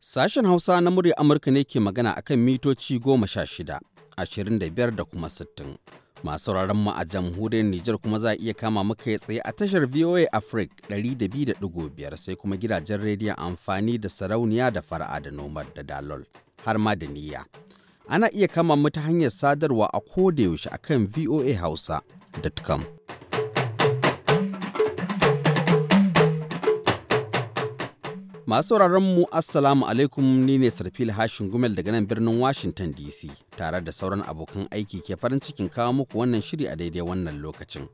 Sashen Hausa na murya Amurka ne ke magana akan mitoci goma sha shida, ashirin da biyar da kuma sittin. Masu sauraron mu a jamhuriyar Nijar kuma za a iya kama muka ya tsaye a tashar VOA Africa 200.5 sai kuma gidajen rediyon amfani da sarauniya da fara'a da nomad da dalol har ma da niyya. ana iya kama mu ta hanyar sadarwa a kodayaushe a kan voahausa.com. Masu sauraron mu Assalamu alaikum ni ne Sarfil Hashin Gumel daga nan birnin Washington DC tare da sauran abokan aiki ke farin cikin kawo muku wannan shiri a daidai wannan lokacin.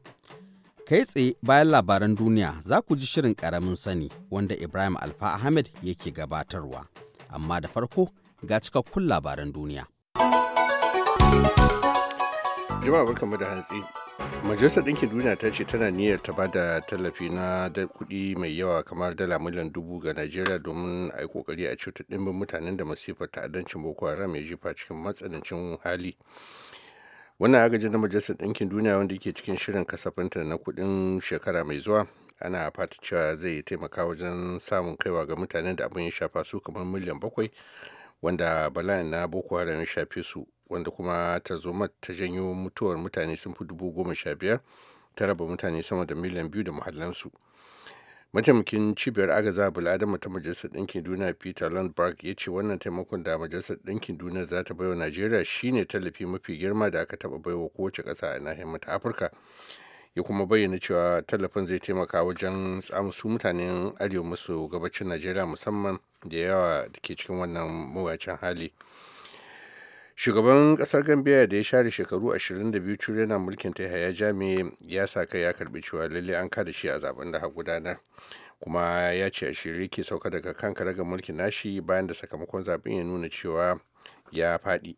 Kai tsaye bayan labaran duniya za ku ji shirin karamin sani wanda Ibrahim Alfa Ahmed yake gabatarwa, amma da farko ga cikakkun labaran duniya. Jama'a barkamu da hantsi. Majalisar Ɗinkin Duniya ta ce tana niyyar ta bada tallafi na kuɗi mai yawa kamar dala miliyan dubu ga Najeriya domin a yi ƙoƙari a cutar ɗimbin mutanen da masifar ta'addancin Boko Haram ya jefa cikin matsanancin hali. Wannan agajin na Majalisar Ɗinkin Duniya wanda yake cikin shirin kasafinta na kuɗin shekara mai zuwa ana fata cewa zai taimaka wajen samun kaiwa ga mutanen da abin ya shafa su kamar miliyan bakwai wanda bala'in na Boko Haram ya shafe su wanda kuma ta tarzoma ta janyo mutuwar mutane sun fi dubu goma sha biyar ta raba mutane sama da miliyan biyu da muhallansu mataimakin cibiyar agaza bul'adama ta majalisar ɗinkin duniya peter lundberg ya ce wannan taimakon da majalisar ɗinkin duniya za ta baiwa najeriya shine tallafi mafi girma da aka taba baiwa kowace ƙasa a nahiyar mata afirka ya kuma bayyana cewa tallafin zai taimaka wajen su mutanen arewa maso gabacin najeriya musamman da yawa da ke cikin wannan mawacin hali shugaban kasar gambia da ya share shekaru 22 cire na mulkin ta ya jami ya sa kai ya karbi cewa lalle an kada shi a zaben da ha gudanar kuma ya ce a shirye ke sauka daga kan karagar mulkin nashi bayan da sakamakon zaben ya nuna cewa ya fadi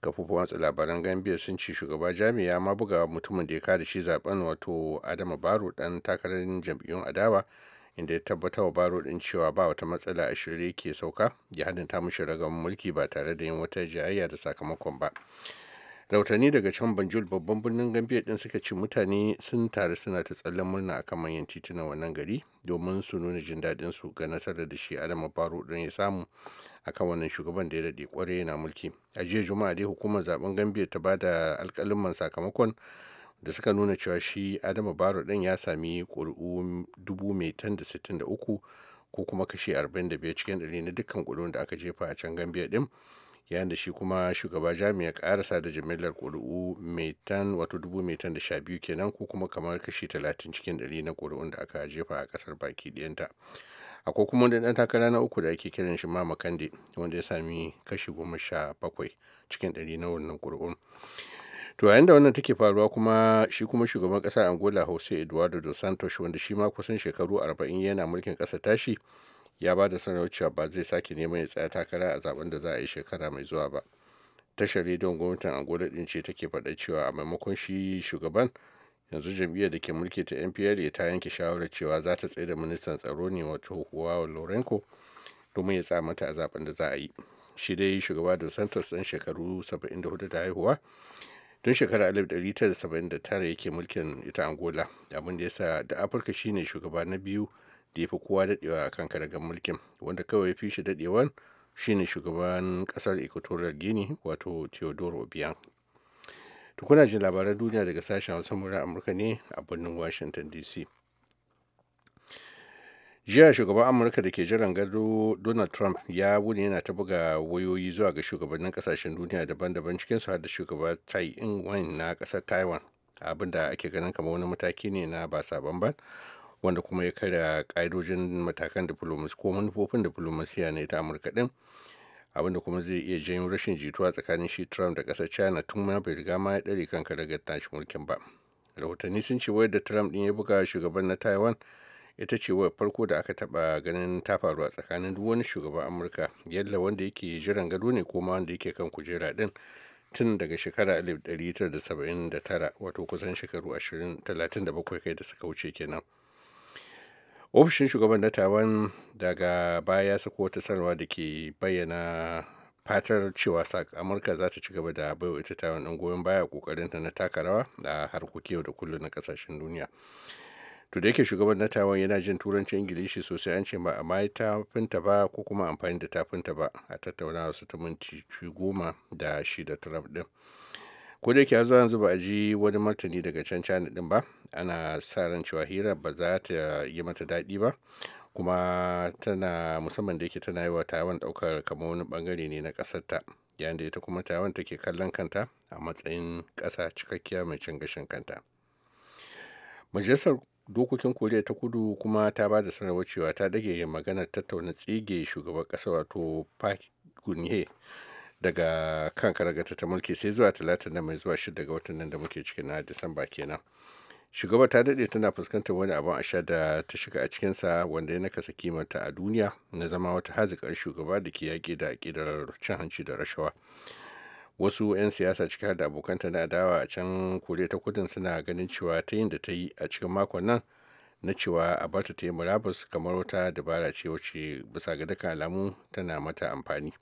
kafofin watsa labaran gambia sun ce shugaba jami ya ma buga mutumin da ya kada shi zaben wato adama baro dan takarar jam'iyyun adawa inda ya tabbatar wa baro din cewa ba wata matsala a shirye ke sauka ya ta mushi ragamun mulki ba tare da yin wata jayayya da sakamakon ba rautani daga can banjul babban birnin gambia din suka ce mutane sun taru suna ta tsallen murna akan manyan titunan wannan gari domin su nuna jin daɗin su ga nasarar da shi adama baro din ya samu akan wannan shugaban da ya daɗe kwarai yana mulki a jiya juma'a dai hukumar zaben gambia ta ba da alƙalin sakamakon da suka nuna cewa shi adama Baro din ya sami ƙuri'u 1,063 ko kuma kashi 45 cikin dari na dukkan ƙuri'un da aka jefa a can Gambia din yayin da shi kuma shugaba jami'a karasa da jimillar ƙuri'u metan wato dubu metan da sha biyu kenan ko kuma kamar kashi talatin cikin ɗari na ƙuri'un da aka jefa a kasar baki ɗayanta akwai kuma wani ɗan takara na uku da ake kiran shi mama wanda ya sami kashi goma sha bakwai cikin ɗari na wannan ƙuri'un to yayin da wannan take faruwa kuma shi kuma shugaban kasar angola jose eduardo dos santos wanda shi ma kusan shekaru 40 yana mulkin kasa tashi ya ba da sanarwar cewa ba zai sake neman ya tsaya takara a zaben da za a yi shekara mai zuwa ba tashar rediyon gwamnatin angola din ce take faɗa cewa a maimakon shi shugaban yanzu jam'iyyar da ke mulki ta npl ta yanke shawarar cewa za ta tsaye da ministan tsaro ne wato wa lorenco domin ya tsaya mata a zaben da za a yi shi dai shugaba dos santos ɗan shekaru 74 da haihuwa tun shekarar 1979 yake mulkin ita angola abin da ya sa da afirka shine shugaba na biyu da ya fi kowa dadewa a kan karagar mulkin wanda kawai fi shi dadewan shine shugaban kasar equatorial guinea wato theodore obiang tukuna jin labaran duniya daga sashen wasan murar amurka ne a birnin washington dc jiya shugaban amurka da ke jiran gado donald trump ya wuni yana ta buga wayoyi zuwa ga shugabannin kasashen duniya daban-daban cikinsu har da shugaba tai in na kasar taiwan abin da ake ganin kamar wani mataki ne na ba sabon ban wanda kuma ya karya ƙa'idojin matakan diplomasi ko manufofin diplomasiya na ta amurka din abinda kuma zai iya janyo rashin jituwa tsakanin shi trump da kasar china tun ma bai riga ma ya ɗare kanka daga tashi mulkin ba rahotanni sun ce wayar da trump din ya buga shugaban na taiwan ita ce wa farko da aka taba ganin ta faru a tsakanin duk wani shugaban amurka yalla wanda yake jiran gado ne ko ma wanda yake kan kujera din tun daga shekara 1979 wato kusan shekaru 37 kai da suka wuce kenan ofishin shugaban na taiwan daga baya ya sako wata sanarwa da ke bayyana fatar cewa amurka za ta ci gaba da baiwa ita taiwan ɗan goyon baya kokarinta na taka rawa a harkokin yau da kullum na kasashen duniya to da yake shugaban na taiwan yana jin turancin ingilishi sosai an ce ba a mai tafinta ba ko kuma amfani da tafinta ba a tattaunawa su ta minti goma da shi da trump din ko da yake zuwa yanzu ba a ji wani martani daga can china din ba ana sa ran cewa hira ba za ta yi mata daɗi ba kuma tana musamman da yake tana yi wa taiwan ɗaukar kamar wani bangare ne na ƙasar ta yayin da ita kuma taiwan take kallon kanta a matsayin ƙasa cikakkiya mai cin gashin kanta majalisar dokokin koriya ta kudu kuma ta ba da sanarwar cewa ta dage maganar tattauna tsige shugaban kasa wato park gunye daga kan karagata ta mulki sai zuwa talata na mai zuwa shida ga watan nan da muke cikin na disamba kenan shugaba ta dade tana fuskantar wani abin a da ta shiga a cikinsa wanda ya nakasa kimanta a duniya na zama wata hazikar shugaba da ke yaƙi da ƙidar cin hanci da rashawa wasu 'yan siyasa ciki har da abokanta na adawa a can koriya ta kudin suna ganin cewa ta yin da ta yi a cikin makon nan na cewa a bata ta yi murabus kamar wata dabara ce wacce bisa ga dukkan alamu tana mata amfani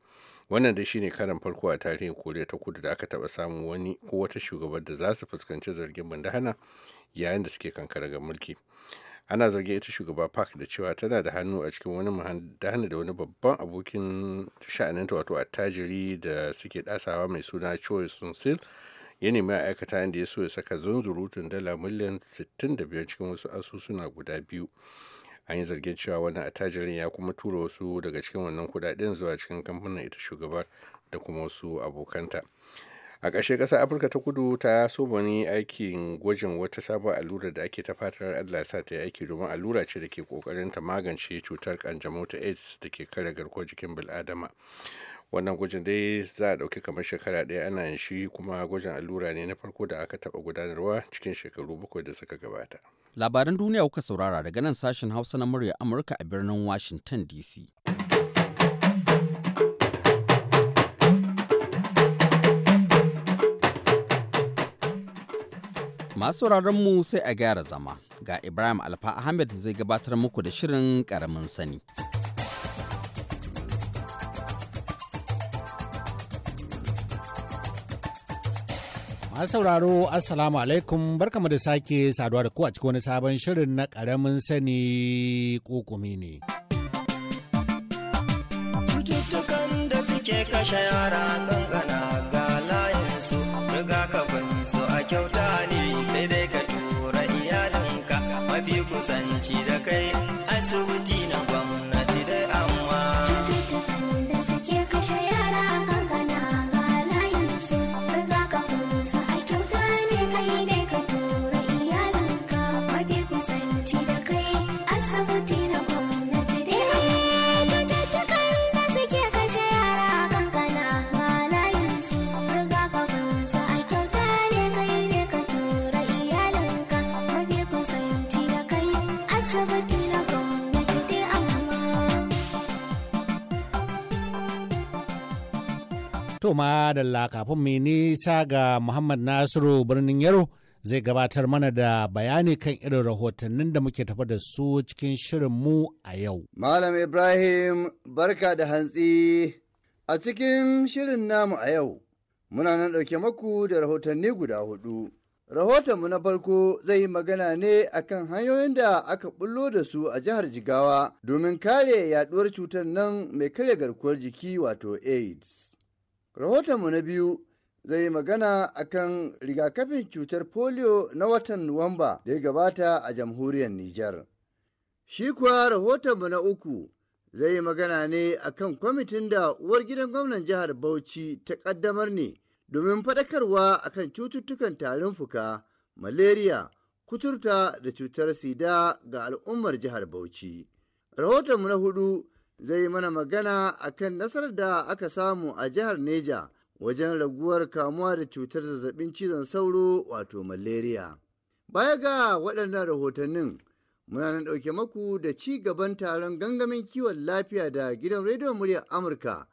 wannan dai shine karan farko a tarihin koriya ta kudu da aka taba samu wani ko wata shugabar da za su fuskanci zargin bandahana yayin da suke kankara ga mulki ana zargin ita shugaba park da cewa tana da hannu a cikin wani muhandana da wani babban abokin sha'aninta wato attajiri da suke dasawa mai suna choi sunsil ya nemi a aikata inda ya so ya saka zunzurutun dala miliyan 65 cikin wasu asusuna guda biyu an yi zargin cewa wannan attajirin ya kuma tura wasu daga cikin wannan kudaden zuwa cikin kamfanin ita shugabar da kuma wasu abokanta a ƙarshe ƙasar afirka ta kudu ta so wani aikin gwajin wata sabon allura da ake ta fatar allah sa ta yi aiki domin allura ce da ke ƙoƙarin ta magance cutar kanjamau ta aids da ke kare garkuwar jikin bil'adama wannan gwajin dai za a ɗauki kamar shekara ɗaya ana yin shi kuma gwajin allura ne na farko da aka taɓa gudanarwa cikin shekaru bakwai da suka gabata labaran duniya kuka saurara daga nan sashen hausa na murya amurka a birnin washington dc Masu mu sai a gyara zama ga Ibrahim Alfa Ahmed zai gabatar muku da shirin karamin sani. Masu sauraro Assalamu alaikum barkamu da sake saduwa da ku a cikin wani sabon shirin na karamin sani kokumi ne. Cututtukan da suke kashe yara su a kyauta ne sai dai ka tura iyalinka mafi kusanci da kai asibiti na gwamnati To ma da kafin mai nisa ga Muhammad Nasiru birnin Yaro zai gabatar mana da bayani kan irin rahotannin da muke tafa da su cikin shirin mu a yau. Malam Ibrahim barka da hantsi a cikin shirin namu a yau muna nan ɗauke maku da rahotanni guda hudu. Rahotonmu na farko zai yi magana ne akan hanyoyin da aka bullo da su a jihar Jigawa domin kare yaduwar cutar nan mai karya garkuwar jiki wato AIDS. Rahotonmu na biyu zai magana akan rigakafin cutar polio na watan Nuwamba da ya gabata a jamhuriyar Nijar. Shi kuwa rahotonmu na uku zai magana ne akan kwamitin da uwar gidan gwamnan jihar Bauchi ta kaddamar ne domin faɗakarwa akan cututtukan tarin fuka, malaria, kuturta da cutar sida ga al'ummar jihar Bauchi. Rahotonmu na hudu zai mana magana a kan nasarar da aka samu a jihar Neja wajen raguwar kamuwa da cutar zazzabin cizon sauro wato malaria. Baya ga waɗannan rahotannin muna nan ɗauke maku da ci gaban taron gangamin kiwon lafiya da gidan rediyon muryar Amurka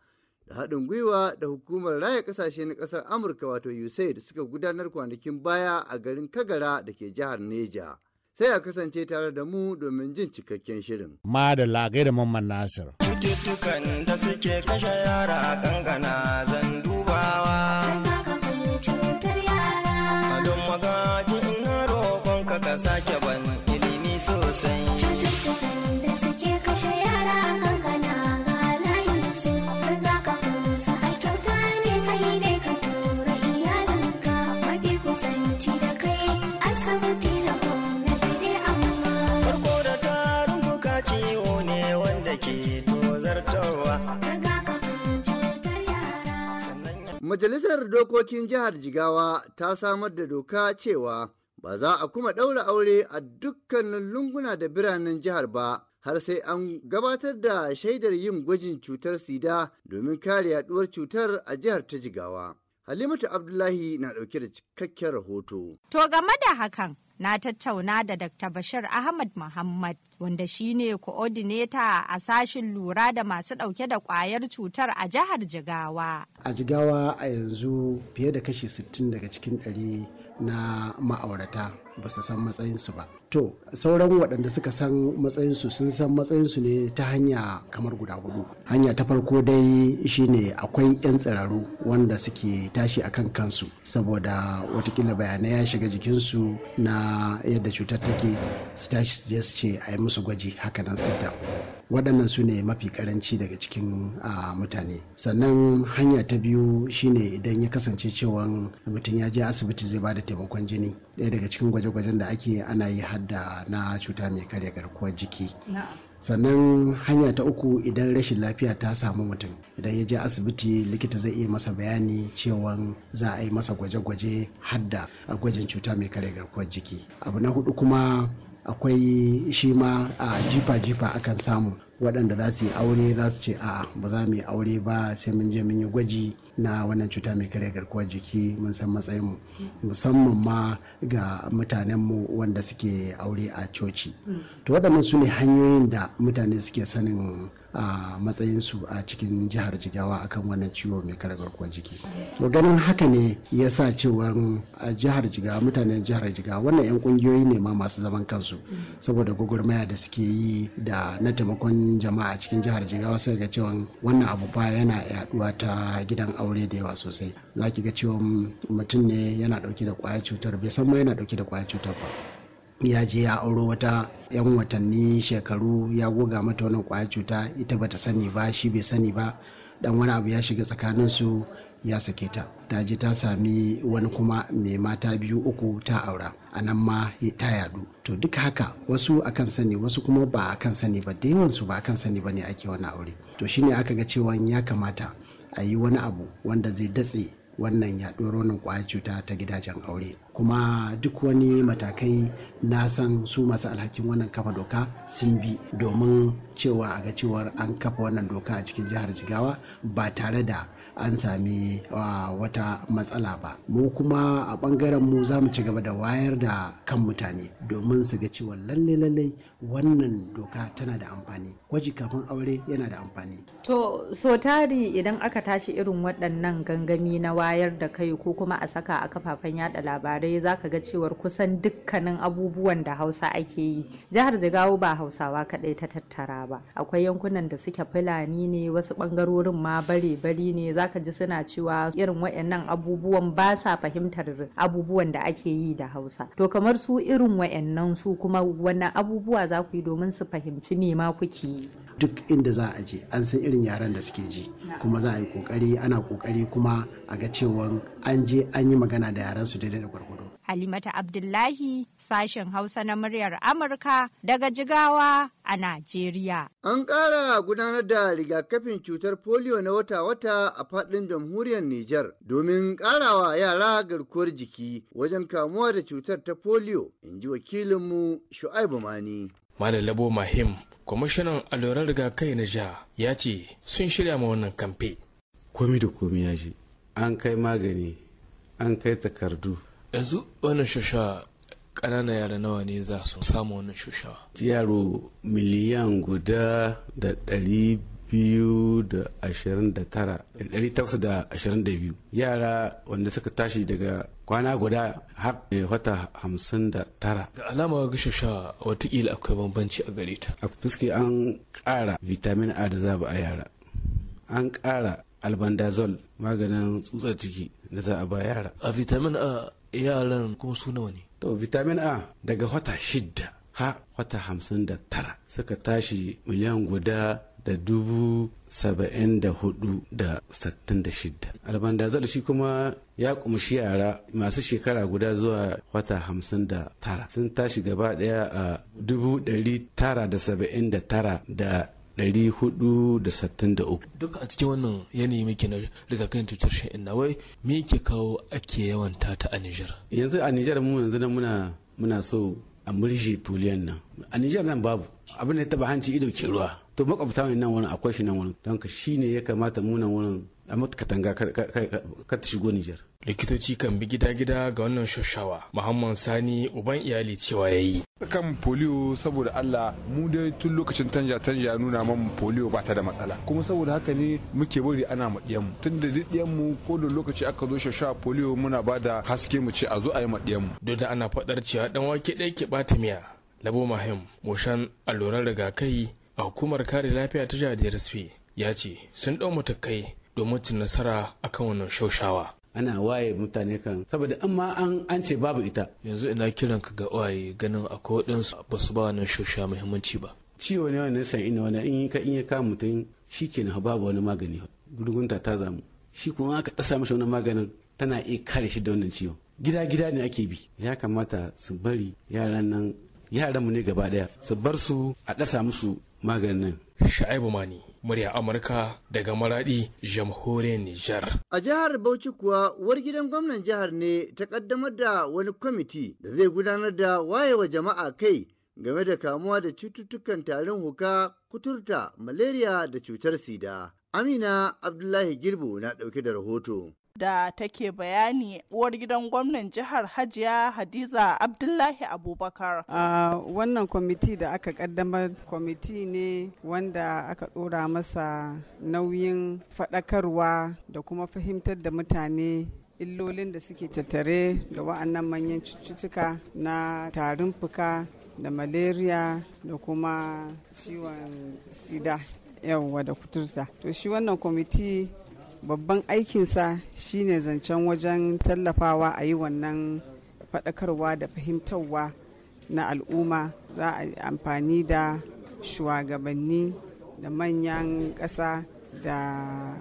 da haɗin gwiwa da hukumar raya ƙasashe na ƙasar Amurka wato USAID suka gudanar kwanakin baya a garin Kagara da ke jihar Neja. sai a kasance tare da mu domin jin cikakken shirin. Ma da lagai da Mamman Nasir. Cututtukan da suke kashe yara kankana zan Majalisar Dokokin Jihar Jigawa ta samar da doka cewa ba za a kuma ɗaura aure a dukkanin lunguna da biranen jihar ba har sai an gabatar da shaidar yin gwajin cutar sida domin kare yaduwar cutar a jihar ta Jigawa. Halimatu Abdullahi na ɗauke da cikakken rahoto. To game da hakan, na tattauna da Dr. Bashir Ahmad Muhammad wanda shine koordineta a sashin lura da masu ɗauke da kwayar cutar a jihar Jigawa. A Jigawa a yanzu fiye da kashi 60 daga cikin ɗari na ma'aurata ba su san matsayinsu ba to sauran waɗanda suka san matsayinsu sun san matsayinsu ne ta hanya kamar guda hudu hanya ta farko dai shine akwai 'yan tsiraru wanda suke tashi a kan kansu saboda watakila bayanai ya shiga jikinsu na yadda cutar take su tashi ce a yi musu gwaji hakanan sita waɗannan su ne mafi karanci daga cikin mutane sannan hanya ta biyu shine idan ya kasance cewa mutum ya je asibiti zai ba da taimakon jini ɗaya daga cikin gwaje gwaje-gwajen da ake ana yi hadda na cuta mai karya garkuwar jiki sannan hanya ta uku idan rashin lafiya ta samu mutum idan ya je asibiti likita zai iya masa bayani cewa za a yi masa gwaje-gwaje hadda a gwajin cuta mai karya garkuwar jiki abu na hudu kuma akwai shi ma a jifa-jifa akan samu waɗanda za su yi aure za su ce a'a ba za mu yi aure ba sai mun je mun yi gwaji na wannan cuta mai karya garkuwar jiki mun san matsayinmu musamman ma ga mutanenmu wanda suke aure a coci to waɗannan su ne hanyoyin da mutane suke sanin a matsayinsu a cikin jihar jigawa akan wannan ciwo mai karya garkuwar jiki to ganin haka ne ya sa cewar a jihar jigawa mutanen jihar jigawa wannan 'yan kungiyoyi ne ma masu zaman kansu saboda gwagwarmaya da suke yi da na taimakon jama'a cikin jihar jigawa sai ga cewa wannan abu fa yana yaduwa ta gidan aure da yawa sosai zaki ga cewa mutum ne yana dauke da kwayar cutar bai san ma yana dauke da kwayar cutar ba ya je ya auro wata 'yan watanni shekaru ya goga mata wannan kwaya cuta ita bata sani ba shi bai sani ba dan wani abu ya shiga tsakanin su ya sake ta ta je ta sami wani kuma mai mata biyu uku ta aura a nan ma ta yadu to duk haka wasu akan sani wasu kuma ba akan sani ba da yawansu ba akan sani ba ne ake wani aure to shine aka ga cewa ya kamata a yi wani abu wanda zai datse wannan yaɗuwar wannan kwayar cuta ta gidajen aure kuma duk wani matakai na san su masu alhakin wannan kafa doka sun bi domin cewa a ga cewar an kafa wannan doka a cikin jihar jigawa ba tare da an sami wata matsala ba mu kuma a bangaren mu za mu ci gaba da wayar da kan mutane domin su ga cewa lalle lalle wannan doka tana da amfani gwaji kafin aure yana da amfani to so tari idan aka tashi irin waɗannan gangami na wayar da kai ko kuma a saka a kafafen yada labarai dai za ka ga cewar kusan dukkanin abubuwan da hausa ake yi jihar jigawa ba hausawa kaɗai ta tattara ba akwai yankunan da suke fulani ne wasu bangarorin ma bare bari ne za ka ji suna cewa irin wa'annan abubuwan ba sa fahimtar abubuwan da ake yi da hausa to kamar su irin wayannan su kuma wannan abubuwa za ku yi domin su fahimci me ma kuke duk inda za a je an san irin yaran da suke ji kuma za a yi kokari ana kokari kuma a ga cewa an je an yi magana da yaran su daidai da gwargwado halimata abdullahi sashen hausa na muryar amurka daga jigawa a najeriya an ƙara gudanar da rigakafin cutar polio na wata-wata a faɗin jamhuriyar nijar domin ƙarawa yara garkuwar jiki wajen kamuwa da cutar ta polio in ji wakilinmu shu'aibu mani malam labo mahim kwamishinan riga kai na jiha ya ce sun shirya ma wannan kamfe komi da komi ya ji an kai magani an kai takardu yanzu wannan shusha ƙanana yara nawa ne za su samu wannan shushawa yaro miliyan guda da ɗari biyu yara wanda suka tashi daga kwana guda har eh, wata hamsin da tara. ga alama gishasha watakila akwai bambanci a gare ta. A fuske an ƙara vitamin A da zaba a yara. An ƙara albandazol maganin tsutsar ciki da za a ba yara. A vitamin A yaran kuma su nawa ne? To vitamin A daga wata shidda ha wata hamsin da tara suka tashi miliyan guda da dubu saba'in da hudu da sattin da shidda albandazol shi kuma ya kumshi yara masu shekara guda zuwa wata hamsin da tara sun tashi gaba daya a dubu dari tara da saba'in da tara da hudu da da uku. duk a cikin wannan yanayi muke na rigakafin cutar sha'in wai me yake kawo ake yawan ta a Nijar yanzu a Nijar mu yanzu nan muna muna so a murje poliyan nan a Nijar nan babu abin da ya taba hanci ido ke ruwa to makwabta ne nan wurin akwai shi nan wurin don ka shi ne ya kamata mu wurin a katanga ka ta shigo Nijar. likitoci kan bi gida-gida ga wannan shashawa muhammad sani uban iyali cewa ya yi kan polio saboda allah mu dai tun lokacin tanja tanja nuna man polio ba ta da matsala kuma saboda haka ne muke bari ana mu tun da ko da lokaci aka zo shoshawa polio muna ba da haske mu ce a zo a yi mu diyanmu da ana faɗar cewa dan wake ɗaya ke ɓata miya labo mahim moshan alluran rigakai a hukumar kare lafiya ta jihar rsp ya ce sun ɗau matakai domin cin nasara akan wannan shaushawa ana waye mutane kan saboda an ma an ce babu ita yanzu ina kiran ka ga waye ganin akwai waɗansu ba su ba wannan shosha muhimmanci ba ciwo ne wannan san ina wani in ka in ya kama mutum shikenan babu wani magani gurgunta ta zamu shi kuma aka dasa mashi wani maganin tana iya kare shi da wannan ciwo gida gida ne ake bi ya kamata su bari yaran nan yaran mu ne gaba daya su bar su a ɗasa musu maganin Sha'ibu Mani, murya Amurka daga Maradi, jamhuriyar Nijar. A jihar Bauchi kuwa uwar gidan gwamnan jihar ne ta kaddamar da wani kwamiti da zai gudanar da wayewa jama'a kai game da kamuwa da cututtukan tarin huka, kuturta, malaria da cutar sida. Amina Abdullahi Girbu na ɗauke da rahoto. da take bayani uwar gidan gwamnan jihar hajiya hadiza abdullahi abubakar uh, wannan kwamiti da aka kaddamar kwamiti ne wanda aka dora masa nauyin faɗakarwa da kuma fahimtar da mutane illolin da suke tattare da wa'annan manyan cututtuka na tarin fuka da malaria da kuma ciwon sida yawwa da kuturta to shi wannan kwamiti babban aikinsa shine zancen wajen tallafawa a yi wannan faɗakarwa da fahimtarwa na al'umma za a amfani da shugabanni da manyan ƙasa da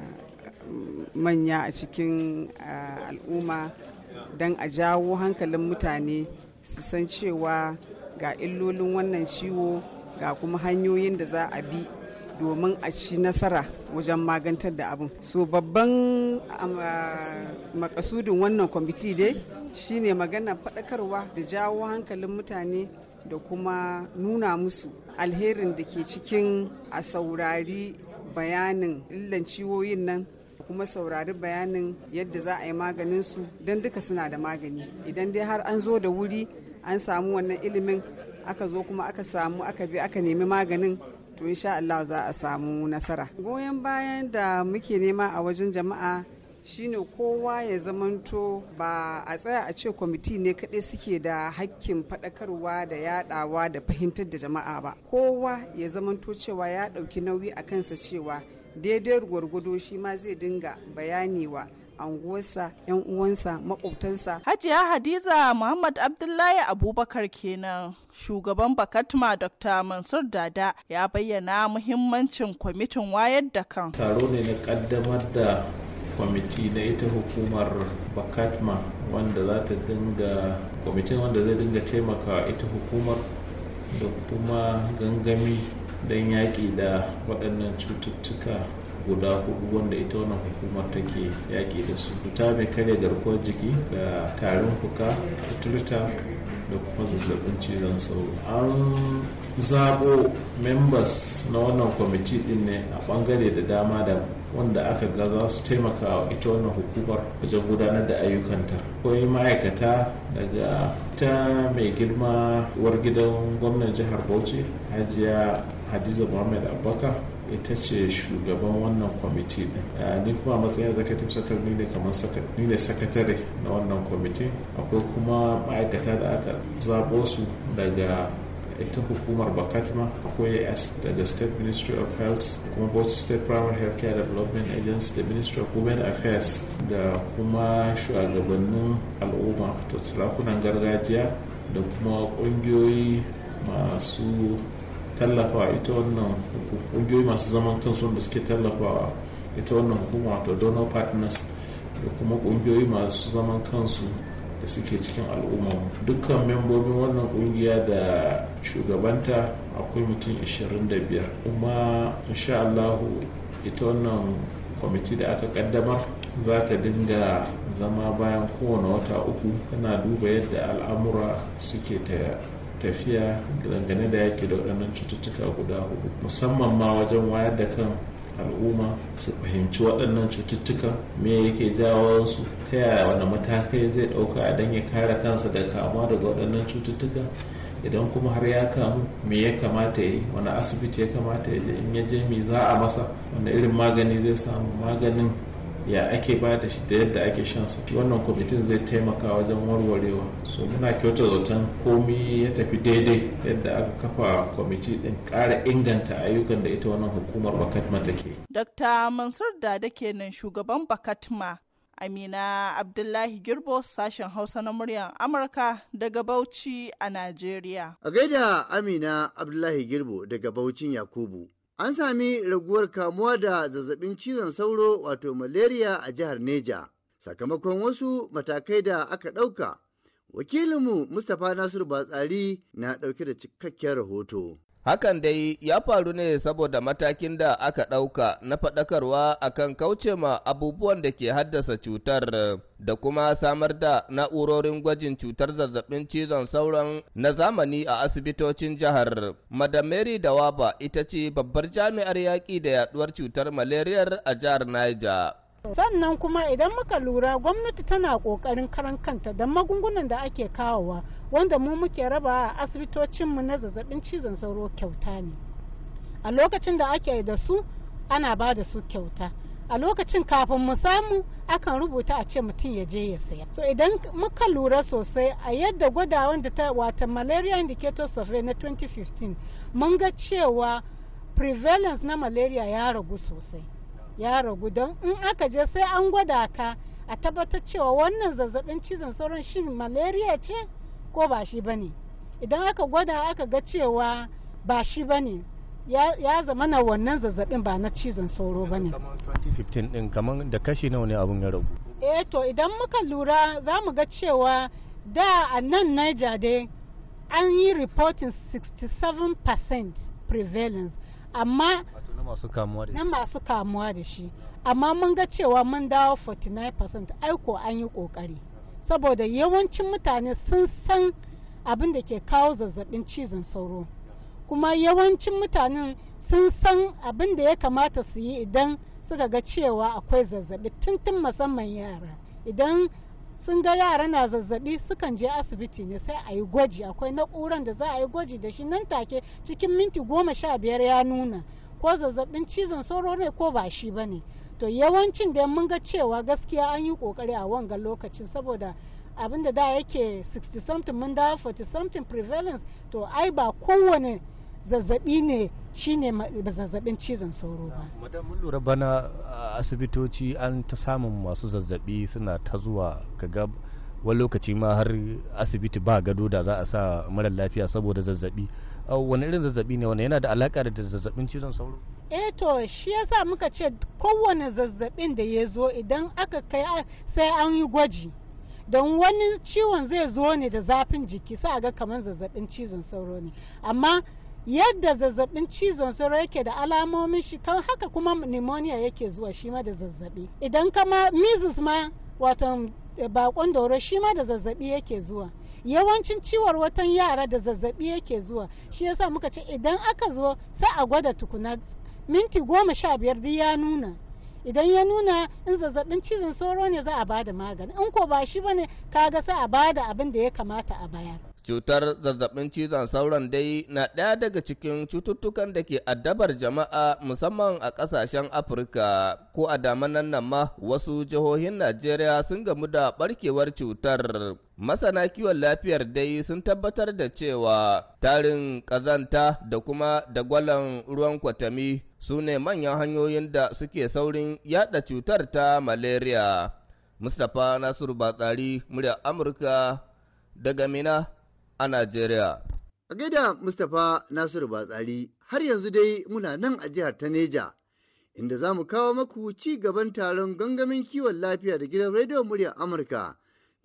manya a cikin al'umma don a jawo hankalin mutane su san cewa ga illolin wannan ciwo ga kuma hanyoyin da za a bi domin a ci nasara wajen magantar da abin so babban ah, makasudin wannan kwamiti dai shine magana faɗakarwa da jawo hankalin mutane da kuma nuna musu alherin da ke cikin a saurari bayanin illan ciwoyin nan kuma saurari bayanin yadda za a yi maganin su don duka suna da magani idan dai har an zo da wuri an samu wannan ilimin aka zo kuma aka samu aka bi aka nemi maganin to insha Allah za a samu nasara goyon bayan da muke nema a wajen jama'a shine kowa ya zamanto ba a tsaya a ce kwamiti ne kaɗai suke da hakkin faɗakarwa da yaɗawa da fahimtar da jama'a ba kowa ya zamanto cewa ya ɗauki nauyi a kansa cewa daidai gwargwado shi ma zai dinga bayani wa anguwarsa yan uwansa makwabtansa hajiya hadiza muhammad abdullahi abubakar kenan shugaban bakatma dr mansur dada ya bayyana muhimmancin kwamitin wayar da kan taro ne na kaddamar da kwamiti na ita hukumar bakatma wanda za ta dinga kwamitin wanda zai dinga taimaka ita hukumar da kuma gangami don yaƙi da waɗannan cututtuka guda hudu wanda ita wannan hukumar take yaƙi da su cuta mai karya garkuwar jiki da tarin fuka turta da kuma zazzabin cizon sauro an zaɓo members na wannan kwamiti din ne a ɓangare da dama da wanda aka ga za su taimaka wa ita wannan hukumar wajen gudanar da ayyukanta akwai ma'aikata daga ta mai girma uwar gidan gwamnan jihar bauchi hajiya hadiza muhammad abubakar ita ce shugaban wannan kwamiti din eh, ni kuma a matsayin executive secretary ne kamar ni ne sakatare na wannan kwamiti akwai kuma ma'aikata da aka zabo su daga ita hukumar bakatma akwai daga state ministry of health kuma both state primary health care development agency da ministry of women affairs da kuma shugabannin al'umma to sarakunan gargajiya da kuma ƙungiyoyi masu tallafa ita wannan ƙungiyoyi masu zaman kansu wanda suke tallafa ita wannan hukuma wato donor partners da kuma ƙungiyoyi masu zaman kansu da suke cikin al'umma dukkan membobin wannan ƙungiya da shugabanta akwai mutum 25 kuma insha allahu ita wannan kwamiti da aka kaddamar za ta dinga zama bayan kowane wata uku tana duba yadda al'amura suke ta tafiya dangane da yaki da waɗannan cututtuka guda hudu musamman ma wajen wayar da kan al'umma su fahimci waɗannan cututtuka me yake jawo su ta yaya wani matakai zai ɗauka a don ya kare kansa da kamuwa daga waɗannan cututtuka idan kuma har ya kamu me ya kamata ya yi wani asibiti ya kamata ya je in ya je me za a masa wani irin magani zai samu maganin ya ake ba da shi da yadda ake shan su wannan kwamitin zai taimaka wajen warwarewa so muna kyauta zaton komi ya tafi daidai yadda aka kafa kwamiti din ƙara inganta ayyukan da ita wannan hukumar bakatma take dr mansur da dake nan shugaban bakatma amina abdullahi girbo sashen hausa na muryar amurka daga bauchi a najeriya a gaida amina abdullahi girbo daga baucin yakubu An sami raguwar kamuwa da zazzabin cizon sauro wato malaria a jihar Neja, sakamakon wasu matakai da aka ɗauka. Wakilinmu Mustapha Nasiru Batsari na ɗauke da cikakkiyar rahoto. Hakan dai ya faru ne saboda matakin da aka ɗauka na faɗakarwa akan kauce ma abubuwan da ke haddasa cutar da kuma samar da na'urorin gwajin cutar zazzabin cizon sauran na zamani a asibitocin jihar. Madam Mary Dawaba ita ce babbar jami'ar yaƙi da yaɗuwar cutar malariyar a jihar Niger. sannan kuma idan muka lura gwamnati tana kokarin karan kanta da magungunan da ake kawowa wanda mu muke raba a asibitocinmu na zazzabin cizon sauro kyauta ne a lokacin da ake da su ana ba da su kyauta a lokacin kafin mu samu akan rubuta a ce mutum ya je ya saya so idan muka lura sosai a yadda gwadawan da ta wata malaria indicator survey na 2015 mun ga cewa prevalence na malaria ya ragu sosai ya ragu don in aka je sai an gwada ka a tabbatar cewa wannan zazzabin cizon sauran shi malaria ce ko ba shi ba ne idan aka gwada aka ga cewa ba shi ba ne ya zama na wannan zazzabin ba na cizon sauro ba ne 2015 din kamar da kashi nawa ne abun ya ragu eh to idan muka lura za mu ga cewa da a nan niger dai an yi reporting 67% prevalence amma na masu kamuwa da shi amma mun ga cewa mun dawo 49% aiko an yi kokari saboda yawancin mutane sun san abin da ke kawo zazzabin cizon sauro kuma yawancin mutanen sun san abin da ya kamata su yi idan suka ga cewa akwai zazzabi tuntun musamman yara idan sun ga yara na zazzabi sukan je asibiti ne sai a yi gwaji akwai na'uran da za a yi gwaji da shi nan take cikin minti goma sha biyar ya nuna ko zazzabin cizon sauro ne ko ba shi ba ne to yawancin da mun ga cewa gaskiya an yi kokari a wangan lokacin saboda abin da da yake 60 something mun da 40 something prevalence to ai ba kowane zazzabi ne shine zazzabin cizon sauro ba madan mun lura bana asibitoci an ta samun masu zazzabi suna ta zuwa kaga wani lokaci ma har asibiti ba gado da za a sa mara lafiya saboda zazzabi wani irin zazzabi ne wani yana da alaka da zazzabin cizon sauro eh to shi yasa muka ce kowane zazzabin da ya zo idan aka kai sai an yi gwaji don wani ciwon zai zo ne da zafin jiki sai a ga kamar zazzabin cizon sauro ne amma yadda zazzabin cizon sauro yake da alamomin shi kan haka kuma pneumonia yake zuwa shi ma da zazzabi idan kama measles ma wato eh, bakon doro shi ma da zazzabi yake zuwa yawancin ciwar watan yara da zazzabi yake zuwa shi yasa muka ce idan aka zo sai a gwada tukuna minti goma sha biyar duk ya nuna idan ya nuna in zazzabin cizon sauro ne za a bada magani in ko ba shi bane kaga sai a bada abin da ya kamata a baya. cutar zazzabin cizon sauron dai na ɗaya daga cikin cututtukan da ke addabar jama'a musamman a ƙasashen afirka ko a damanan nan ma wasu jihohin najeriya sun gamu da ɓarkewar cutar Masana kiwon lafiyar dai sun tabbatar da cewa tarin kazanta da kuma dagwalon ruwan kwatami su ne manyan hanyoyin da suke saurin yada cutar ta malaria. Mustapha Nasiru Batsari, murya Amurka daga Mina a nigeria. A gaida Mustapha Nasiru Batsari, har yanzu dai muna nan a jihar ta Neja. inda za mu kawo maku ci gaban taron gangamin kiwon lafiya da gidan rediyon muryar Amurka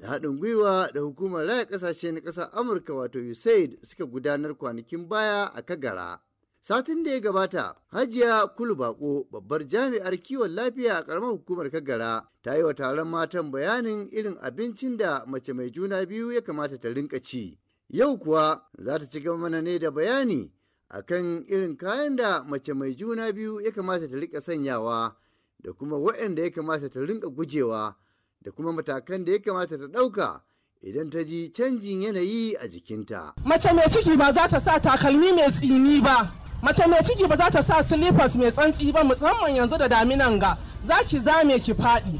da haɗin gwiwa da hukumar raya ƙasashe na ƙasar amurka wato usaid suka gudanar kwanakin baya a kagara satin da ya gabata hajiya kulubako babbar jami'ar kiwon lafiya a ƙaramar hukumar kagara ta yi wa taron matan bayanin irin abincin da mace mai juna biyu ya kamata ta rinka ci yau kuwa za ta ci gaba mana ne da bayani akan irin kayan da mace mai juna biyu ya kamata ta rika sanyawa da kuma waɗanda ya kamata ta rinka gujewa da kuma matakan da ya kamata ta ɗauka idan ta ji canjin yanayi a jikinta. Mace mai ciki ba za ta sa takalmi mai tsini ba. Mace mai ciki ba za ta sa silifas mai tsantsi ba musamman yanzu da daminan ga za ki zame ki faɗi.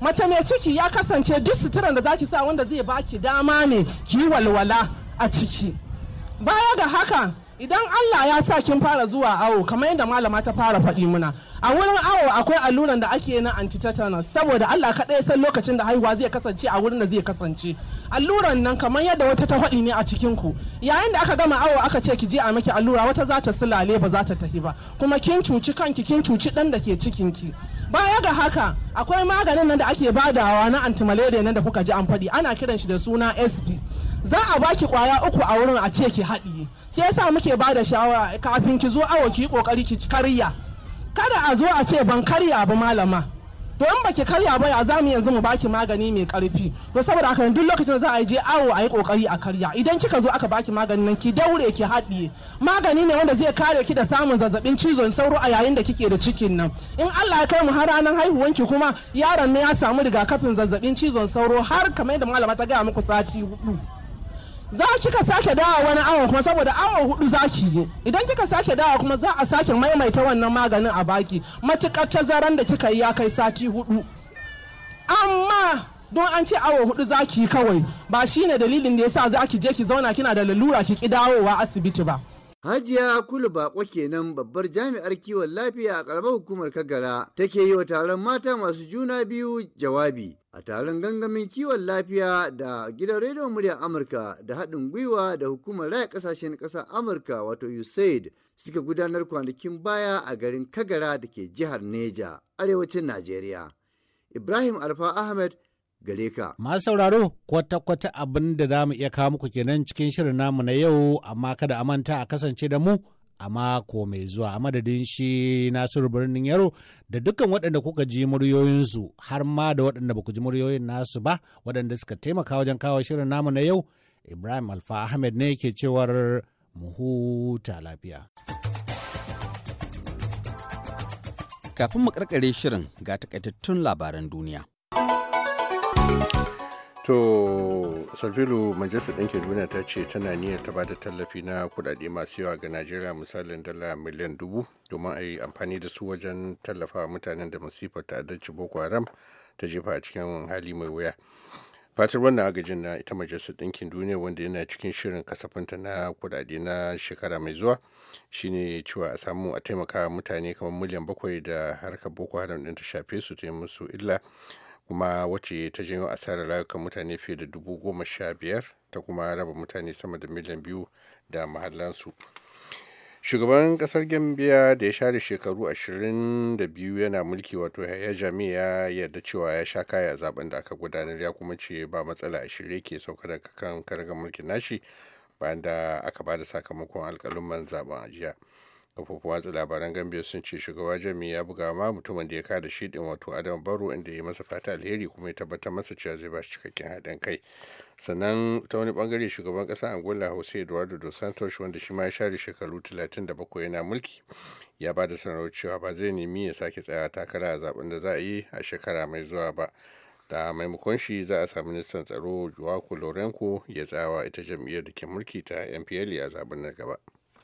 Mace mai ciki ya kasance duk suturan da za ki sa wanda zai baki dama ne ki yi walwala a ciki. Baya ga haka idan Allah ya sa kin fara zuwa awo kamar yadda malama ta fara faɗi muna a wurin awo akwai alluran da ake na antitetanus saboda Allah kaɗai san lokacin da haihuwa zai kasance a wurin da zai kasance alluran nan kamar yadda wata ta faɗi ne a cikin ku yayin da aka gama awo aka ce ki je a miki allura wata za ta sulale ba za ta tafi ba kuma kin cuci kanki kin cuci ɗan da ke cikin ki baya ga haka akwai maganin nan da ake badawa na antimalaria nan da kuka ji an faɗi ana kiran shi da suna sp za a baki kwaya uku a wurin a ce ki haɗiye shi yasa muke ba da shawara kafin ki zo awo ki kokari ki karya kada a zo a ce ban karya ba malama to in baki karya ba ya zamu yanzu mu baki magani mai karfi to saboda haka duk lokacin da za a je awo a yi kokari a karya idan kika zo aka baki maganin nan ki daure ki haɗiye magani ne wanda zai kare ki da samun zazzabin cizon sauro a yayin da kike da cikin nan in Allah ya kai mu har ranar haihuwan ki kuma yaron ne ya samu rigakafin zazzabin cizon sauro har kamar yadda malama ta gaya muku sati hudu za kika sake dawa wani awa kuma saboda awa hudu za ki yi idan kika sake dawa kuma za a sake maimaita wannan maganin a baki matukar tazaran da kika yi ya kai sati hudu amma don an ce awa hudu za ki yi kawai ba shine dalilin da yasa za ki je ki zauna kina da lalura ki kidawowa asibiti ba Hajiya Kulu Bako kenan babbar jami'ar kiwon lafiya a ƙaramar hukumar Kagara take yi wa taron mata masu juna biyu jawabi a taron gangamin kiwon lafiya da gidan rediyon Murya amurka da haɗin gwiwa da hukumar raya ƙasashen ƙasar amurka wato usaid suka gudanar kwanakin baya a garin kagara da ke jihar neja arewacin najeriya ibrahim alfa ahmed gare ka. Masu sauraro kwata-kwata abin da za mu iya kawo muku kenan cikin shirin namu na yau amma kada a manta a kasance da mu a mako mai zuwa a madadin shi nasiru birnin yaro da dukkan waɗanda kuka ji muryoyinsu har ma da waɗanda ba ku ji muryoyin nasu ba waɗanda suka taimaka wajen kawo shirin namu na yau ibrahim alfa ahmed ne ke cewar mu huta lafiya kafin mu karkare shirin ga takaitattun labaran duniya To, Salfilu Majalisar Ɗinkin Duniya ta ce tana niyyar ta bada tallafi na kuɗaɗe masu yawa ga Najeriya misalin dala miliyan dubu domin a yi amfani da su wajen tallafa mutanen da masifar ta'addanci Boko Haram ta jefa a cikin hali mai wuya. Fatar wannan agajin na ita Majalisar Ɗinkin Duniya wanda yana cikin shirin kasafinta na kuɗaɗe na shekara mai zuwa shine cewa a samu a taimaka mutane kamar miliyan bakwai da harkar Boko Haram ɗin ta shafe su ta yi musu illa kuma wacce ta janyo asarar rayukan mutane fiye da dubu goma sha biyar ta kuma raba mutane sama da miliyan biyu da mahallansu shugaban kasar gambia da ya share shekaru ashirin da biyu yana mulki wato ya jami ya yarda cewa ya sha kaya zaben da aka gudanar ya kuma ce ba matsala a shirye ke sauka da kan karagar mulkin nashi bayan da aka ba da sakamakon alkalin zaben a jiya kafofin watsa labaran gambia sun ce shugaba jami ya buga ma mutumin da ya kada shi din wato adam baro inda ya masa fata alheri kuma ya tabbatar masa cewa zai ba shi cikakken haɗin kai sannan ta wani bangare shugaban ƙasa angola jose eduardo dos santos wanda shi ma ya share shekaru talatin da bakwai yana mulki ya ba da sanarwar cewa ba zai nemi ya sake tsaya takara a zaben da za a yi a shekara mai zuwa ba da maimakon shi za a sami ministan tsaro juwaku lorenko ya tsawa ita jam'iyyar da ke mulki ta npl a zaben na gaba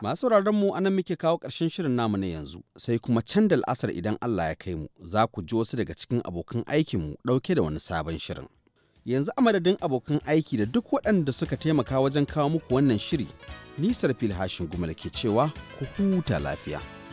Masu mu anan muke kawo ƙarshen shirin namu na yanzu, sai kuma can da al'asar idan Allah ya kai mu, za ku ji wasu daga cikin abokan aikinmu ɗauke da wani sabon shirin. Yanzu a madadin abokan aiki da duk waɗanda suka taimaka wajen kawo muku wannan shiri, nisar filhashin gumal ke cewa ku huta lafiya.